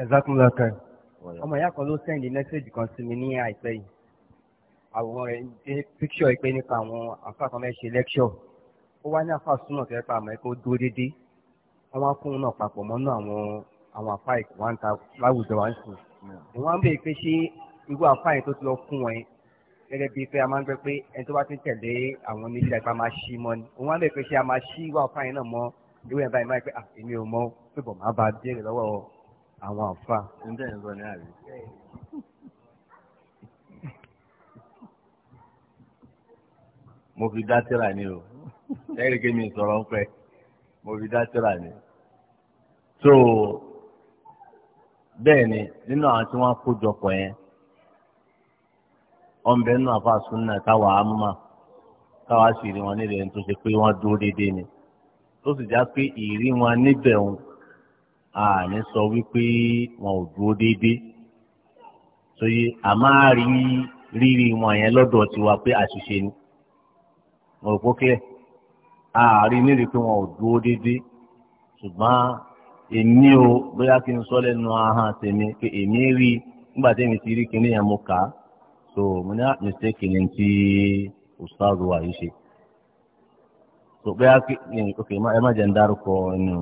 jazakumullah khair ọmọ ìyá kan ló sẹ́ndì mẹ́sẹ̀gì kan sí mi ní àìpẹ́ yìí àwòrán rẹ̀ dé píkṣọ̀ ìpè nípa àwọn àfa kan mẹ́ṣe lẹ́kṣọ̀ ó wá ní àfa súnà tó yẹ pa àmọ́ ẹ̀kọ́ dúró dédé wọ́n wá fún un náà papọ̀ mọ́nú àwọn àwọn àfa ìkù wá ń ta láwùjọ wá ń sùn wọ́n á ń bèèrè pé ṣé irú àfa yẹn tó ti lọ fún wọn gẹ́gẹ́ bíi pé a máa ń gbé pé ẹni tó bá ti ń tẹ̀lé àwọn onílé àgbà máa ṣí mọ́ ni wọ́n á bèèrè pé ṣé a máa ṣí irú àfa yẹn náà mọ́ irú ẹ̀ báyìí máa pé àfi mi ò mọ̀ pé bọ̀ máa bá a béèrè lọ́wọ́ àwọn àfa. ǹjẹ́ ẹ̀ ń sọ ní àrí. mo fi dá tíra ni o ẹ̀ríkì mi sọ̀rọ̀ ń pẹ́ mo fi dá tíra ni. so bẹ́ẹ̀ ni nínú àwọn tí wọ́n kó jọpọ̀ yẹn ọ̀nbẹ nínú àfa súnà táwa á mọ̀ táwa sì rí wọn nílẹ̀ tó ṣe pé wọ́n dúró déédéé ni tó sì já pé ìrí wọn níbẹ̀ òun àní sọ wípé wọn ò dúró déédéé a máa rí rírì wọn yẹn lọ́dọ̀ tiwa pé àṣìṣe ni wọn ò a àárí níbi pé wọn ò dúró déédéé ṣùgbọ́n èmi o bóyá kí n sọ lẹ́nu ahọ́n tèmi pé èmi rí nígbà tí èmi ti rí yẹn mo kà á so mo ní ah, mistake ni ti ustaz wa yìí ṣe so bóyá kí ẹ má ń dárúkọ ẹnu.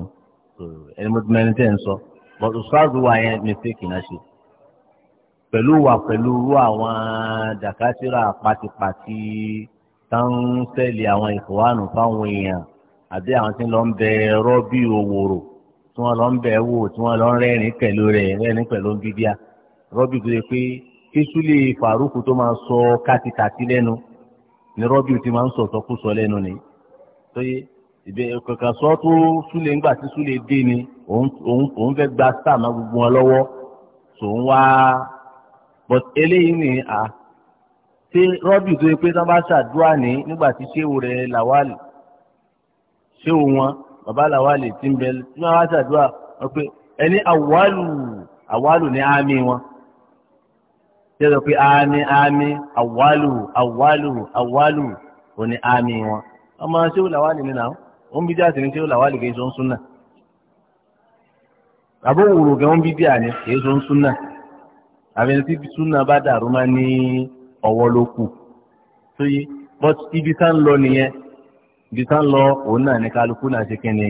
ẹni mo ti mẹ́rin tẹ́ ń sọ but ṣáàzù wa yẹn mistake náà ṣe pẹ̀lú wa pẹ̀lú irú àwọn dàkátìrà pátipàti táńsẹ̀lì àwọn ìfowópamọ́ fáwọn èèyàn àbí àwọn tí lọ ń bẹ rọ́bì òwòrò tí wọ́n lọ ń bẹ wò tí wọ́n lọ ń rẹ́rìn pẹ̀lú rẹ̀ rẹ́rìn pẹ̀lú bíbíà rọ́bì tó yẹ pé kíṣúlì fàrúkù tó máa sọ kátikàti lẹ́nu ni rọ́bì ti máa ń sọ̀tọ́kù sọ lẹ́nu ni tó yẹ ìbẹ kankan sọ tó súlẹ̀ ńgbà tí súlẹ̀ dé ni òun fẹ́ gba star má gbogbo wọn lọ́wọ́ tó ń wá but eléyìí ni à ṣé rọ́bì tó yẹ pé tí wọ́n bá ṣàdúrà ní nígbà tí ṣéwò rẹ̀ làwálì ṣéwò wọn bàbá làwálì ti ń bẹ tí wọ́n bá ṣàdúrà wọ́n pé ẹni àwálù àwálù ní àmì wọn jẹ́sọ̀ pé àmì àmì àwálù àwálù àwálù òní àmì wọn ọmọ ṣéwò làwálì nínú àwọn. ó ń bí díà sí ni tí ó là wálé kìí ṣe súnà àbó wùrù gan ń bí díà ni kìí ṣe ń súnà àbẹ̀ni tí súnà bá dàrú máa ní ọwọ́ ló kù tó yé but ibi tá ń lọ nìyẹn ibi tá ń lọ òun náà ní kálukú náà ṣe kí ni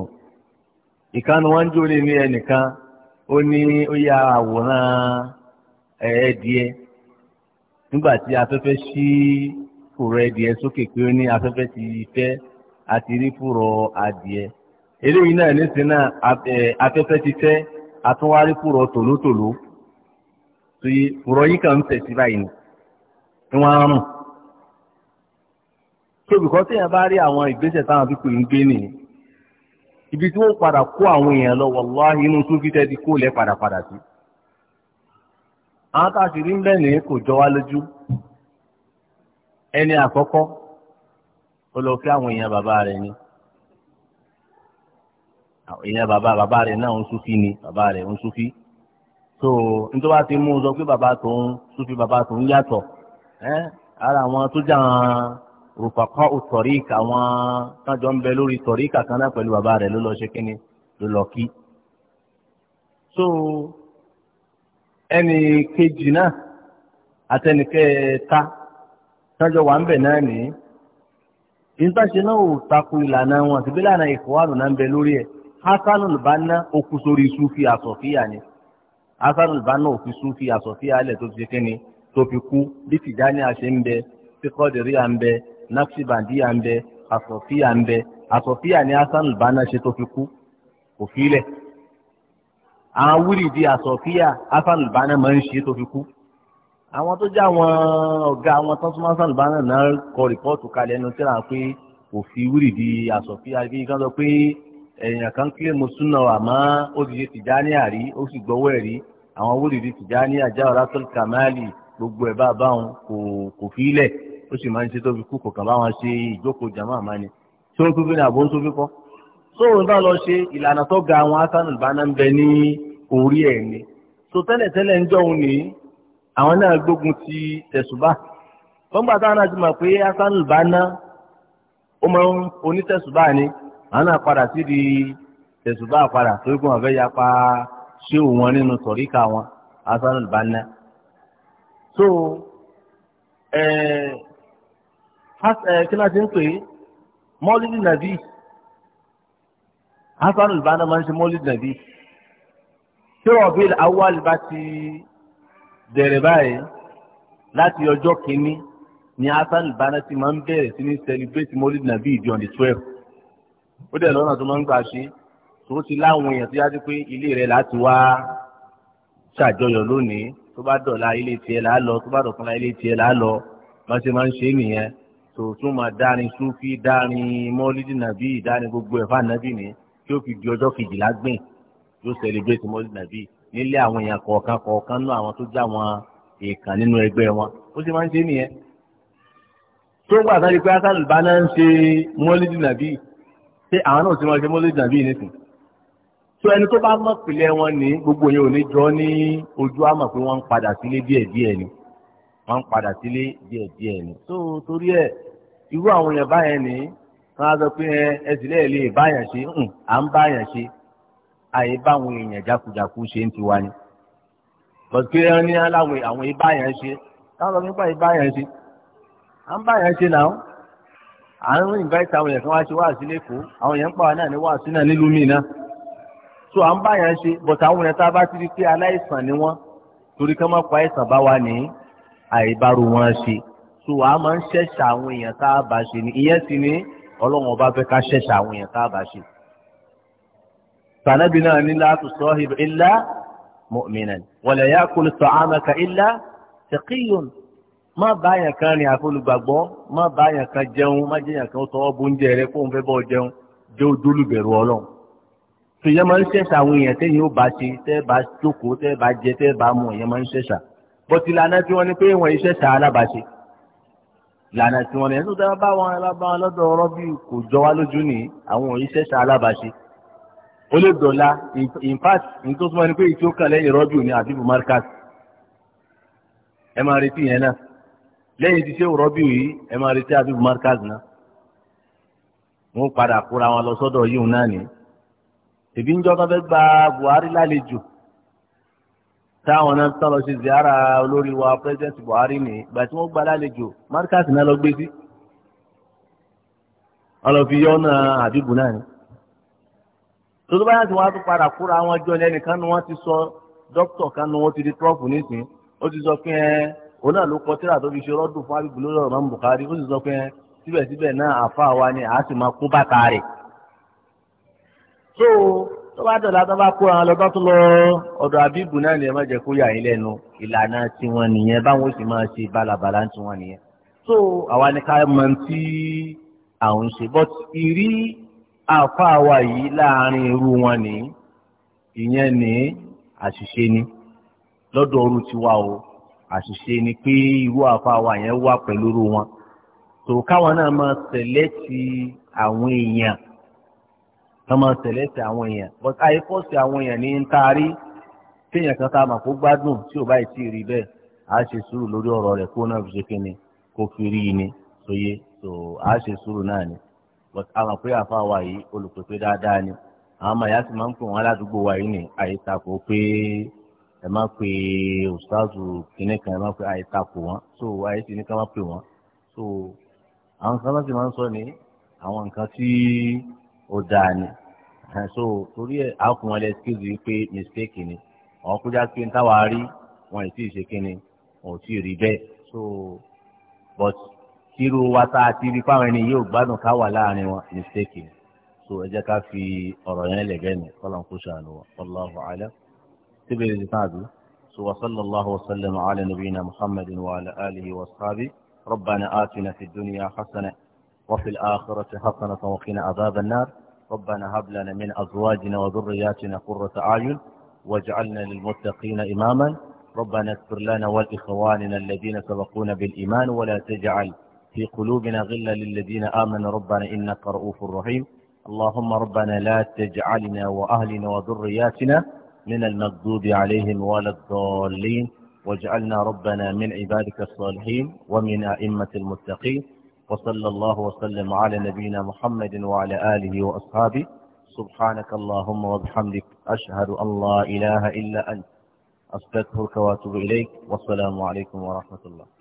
o ìkànnì wọn na jó lé ní ẹnìkan ó ní ó yà àwòrán ẹ̀ẹ́dìẹ nígbà àti rí adìẹ eléyìí náà nísìnyí náà afẹ́fẹ́ ti fẹ́ fúrọ tòlótòló tí fúrọ yìí kàn ń tẹ̀sí báyìí ni wọ́n á rùn. tóbìkọ́ téèyàn bá rí àwọn táwọn ń ibi tí wọ́n padà kó àwọn èèyàn lọ wàláhì inú tún fi tẹ́tí kó lẹ́ sí. àwọn tá a sì rí ń bẹ́ẹ̀ kò jọ wá ó lọ kí àwọn èèyàn bàbá rẹ̀ ni àwọn èèyàn bàbá bàbá rẹ̀ náà ń súfì ni bàbá rẹ̀ ń súfì so nítorí wàá ti mú un sọ pé bàbá tòun súfì bàbá tòun yàtọ̀ ẹ́ ara àwọn tó jà wọn rùpàkọ́ òtọ̀ríkà àwọn tájọ ń bẹ lórí tọ̀ríkà kan náà pẹ̀lú bàbá rẹ̀ ló lọ ṣe kíni ló lọ kí so ẹnì kejì náà àtẹnìkẹta tájọ wà ń bẹ̀ náà nìyí ìtàṣe náà ò tako ìlànà wọn àti bí lànà ìfọwọ́nù náà ń bẹ lórí ẹ̀ hasanu al okú sórí sufi asọ̀fíà ni hasanu al-banna òfin sufi asọ̀fíà alẹ̀ tó ti ṣe kíni tó fi kú bí tìjáni àṣẹ ń bẹ fíkọ́dìrí à ń bẹ naksibandi à ń bẹ asọ̀fíà ń bẹ asọ̀fíà ni hasanu al ṣe tó fi kú òfin lẹ̀ àwọn wúrì di asọ̀fíà hasanu al-banna máa ń ṣe tó fi kú àwọn tó jẹ́ àwọn ọ̀gá àwọn tó tún máa ń sàlùbá náà náà kọ rìpọ́ọ̀tù kalẹ̀ ẹnu tí ra pé kò fi wúrì di àsọ̀fí àbí kan sọ pé èèyàn kan kílè mo súnà àmọ́ ó ti ṣe tìjáni àrí ó sì gbọ́wọ́ ẹ̀rí àwọn wúrì di tìjáni àjáwọ̀ látọ̀lù kàmáàlì gbogbo ẹ̀ bá a báwọn kò kò fi í ó sì máa ń ṣe tó fi kú kò kàn báwọn ṣe ìjókòó jàmọ́ àmọ́ ni tí ó tóbi ní àbó ń tóbi kọ́ sóòrùn bá lọ ṣe ìlànà tó ga àwọn asánù ìbáná ń bẹ ní orí ẹ̀ ni so tẹ́lẹ̀tẹ́lẹ̀ ń jọun nìyí àwọn náà gbógun ti tẹ̀sùbà fọ́nbà táwọn náà ti mọ̀ pé Hasan al-Banna ó mọ onítẹ̀sùbà ni àwọn náà padà sí di tẹ̀sùbà padà tó gbọ́n ọ̀fẹ́ ya pa ṣé òun nínú tọ̀ríkà wọn Hasan al-Banna. so kí náà ti ń pè é mọ́lídì nàbí Hasan al-Banna máa ń ṣe mọ́lídì nàbí tí rọ̀bì awwal bá ti bẹ̀rẹ̀ báyìí láti ọjọ́ kìíní ni hasan al-banna máa ń bẹ̀rẹ̀ sí ní celebrate molid nabi ìdí on the twelve ó dẹ̀ lọ́nà tó máa ń gbà ṣe tó ti láwọn èèyàn tó yá sí pé ilé rẹ̀ láti wá ṣàjọyọ̀ lónìí tó bá dọ̀la ilé tiẹ̀ là á lọ tó bá dọ̀kanla ilé tiẹ̀ là á lọ bá ṣe máa ń ṣe nìyẹn tó tún máa dárin súnfí dárin mọ́lídì nàbí dárin gbogbo ẹ̀fà nàbí ni tí ó fi di ọjọ́ kejìlá gbìn yóò celebrate mọ́lídì nàbí nílé àwọn èèyàn kọ̀ọ̀kan kọ̀ọ̀kan nú àwọn tó já wọn èèkàn nínú ẹgbẹ́ wọn ó sì máa ń ṣe nìyẹn. tó ń gbà sáré pé hasan albana ń ṣe mọ́lídì nàbí ṣé àwọn náà ti máa ṣe mọ́lídì nàbí nísìn. tó ẹni tó bá mọ̀ pìlẹ̀ wọn ní gbogbo yẹn ò ní jọ ní ojú àmọ̀ pé wọ́n ń padà sílé díẹ̀díẹ̀ ni wọ́n ń padà sílé díẹ̀díẹ̀ ni. tó torí ẹ̀ irú àwọn èèyàn báyẹn ní wọn á sọ pé ẹ ẹ sì lẹ́ẹ̀lẹ́ báyàn ṣe à ń báyàn ṣe àyè báwọn èèyàn jákujàku ṣe ń ti wá ni bọ̀dùkú ẹran ní aláwọ̀ àwọn ibà yẹn ṣe táwọn ọmọ nípa ibà yẹn ṣe à ń bá yẹn ṣe náà à ń invite àwọn yẹn kí wọ́n ṣe wáàsí lẹ́kọ̀ọ́ àwọn yẹn ń pa náà ní wáàsí náà nílùú mi náà so à ń bá yẹn ṣe bọ̀tà àwọn yẹn tá a bá ti di pé aláìsàn ni wọ́n torí ká má pa àìsàn bá wa ní àìbárò wọn ṣe so à máa ń ṣẹ̀ṣà àwọn èèyàn tá a bá ṣe ni ìyẹn sì ni ọlọ́run ọba fẹ́ ká ṣẹ̀ṣà àwọn èèyàn tá a bá ṣe tànàbí náà ní la tusahib illa mu'minan wala ya'kulu ta'amaka illa taqiyyun má bá yàn kan rìn àfolùgbàgbọ́ má bá yàn kan jẹun má jẹ́ yàn kan tọwọ́ bóúnjẹ rẹ kó n fẹ́ bọ́ jẹun jẹ́ ojúlùbẹ̀rù ọlọ́run tòyẹ́ máa ń ṣẹ̀ṣà àwọn èèyàn tẹ́yìn ó bá ṣe tẹ́ bá jókòó tẹ́ bá jẹ tẹ́ bá mu èèyàn máa ń ṣẹ̀ṣà bọ́tí lànà tí wọ́n ní pé wọ́n ṣẹ̀ṣà alábàáṣe lànà tí wọ́n ní ẹ̀sùn tẹ́ bá wọn bá wọn lọ́dọ̀ ọ̀rọ̀ bí kò jọ wá lójú nìyí àwọn òṣìṣẹ́ṣà alábàáṣe ó lè dọ̀la in fact ní tó súnmọ́ ni pé ìtí ó kàn lẹ́yìn rọ́bì ní àdìbò markaz ẹ máa retí yẹn náà lẹ́yìn tí ṣé rọ́bì yìí ẹ máa retí àdìbò markaz náà wọ́n padà kóra wọn lọ sọ́dọ̀ yìí náà ni tèbí ń jọ́ tó fẹ́ gba Buhari lálejò táwọn náà tán lọ ṣe ziara olórí wa president Buhari ni ìgbà tí wọ́n gba lálejò markaz náà lọ gbé sí wọ́n lọ fi yọ́ náà àdìbò náà ni tòtò báyà tí wọ́n á tún padà kóra wọn jọ ní ẹnìkan ni wọ́n ti sọ dókítà kan ni wọ́n ti di trọ́ọ̀fù nísìn ó ti sọ pé ẹ òun náà ló kọ tíra tó fi ṣe rọ́dùn fún abibu lórí ọ̀rọ̀ mọ́mú Bukhari ó sì sọ pé síbẹ̀síbẹ̀ náà àfa wa ni àá sì máa kún bàtà rẹ̀. so tó bá dọ̀la tó bá kó àwọn lọ́tọ́ tó lọ ọ̀dọ̀ abibu náà ni ẹ má jẹ́ kó yà yín lẹ́nu ìlànà tiwọn nìyẹn báwọn ó sì máa ṣe bálabàlá tiwọn nìyẹn. so àwa ni ká mọ tí àáfàá wa yìí láàrin irú wọn ni ìyẹn ni àṣìṣe ni lọ́dọ̀ ọrú tiwa o àṣìṣe ni pé irú wa yẹn wà pẹ̀lú irú wọn tó káwọn náà máa tẹ̀lé ti àwọn èèyàn ká máa tẹ̀lé ti àwọn èèyàn but àìfọ́sí àwọn èèyàn ní ń taari téèyàn kan tá a mà kó gbádùn tí ò báyìí rí bẹ́ẹ̀ a ṣe sùúrù lórí ọ̀rọ̀ rẹ̀ kó náà fi ṣe kí ni kó fi i ni sóye so a ṣe sùúrù náà ni. but àwọn pé àfa wa yìí olùpèpè dáadáa ni àwọn ọmọ ìyá sì máa ń pè wọn aládùúgbò wa yìí ní àyítakò pé ẹ má pe òṣìṣàzù kìnnì kan ẹ má pe àyítakò wọn so àyè sì ní ká má pè wọn so àwọn kan náà sì máa ń sọ ní àwọn nǹkan tí ó dáa ni so torí ẹ àkùn wọn lẹ excuse yìí pé mistake ni àwọn kújà pé táwa rí wọn ì tí ì ṣe kí ni wọn ò tí ì rí bẹ́ẹ̀ so but. tírú wa tá ti rí fáwọn ẹni yóò gbádùn ká wà láàrin wọn mistake ni so ẹ jẹ́ ká fi ọ̀rọ̀ yẹn lẹ̀gẹ́ ni kọ́lọ́n kó ṣàánú wa wallahu alam síbi ìrìn tán àbí so wa sallallahu wa sallam ala nabiyina muhammadin wa ala alihi wa sahabi rabbana atina fi dunya hasana wa fil akhirati hasana wa qina adhaban nar rabbana hab lana min azwajina wa dhurriyyatina qurrata a'yun waj'alna lil muttaqina imaman ربنا اغفر لنا ولإخواننا الذين سبقونا بالإيمان ولا تجعل في قلوبنا غلا للذين آمنوا ربنا إنك رؤوف رحيم اللهم ربنا لا تجعلنا وأهلنا وذرياتنا من المغضوب عليهم ولا الضالين واجعلنا ربنا من عبادك الصالحين ومن أئمة المتقين وصلى الله وسلم على نبينا محمد وعلى آله وأصحابه سبحانك اللهم وبحمدك أشهد أن لا إله إلا أنت أستغفرك وأتوب إليك والسلام عليكم ورحمة الله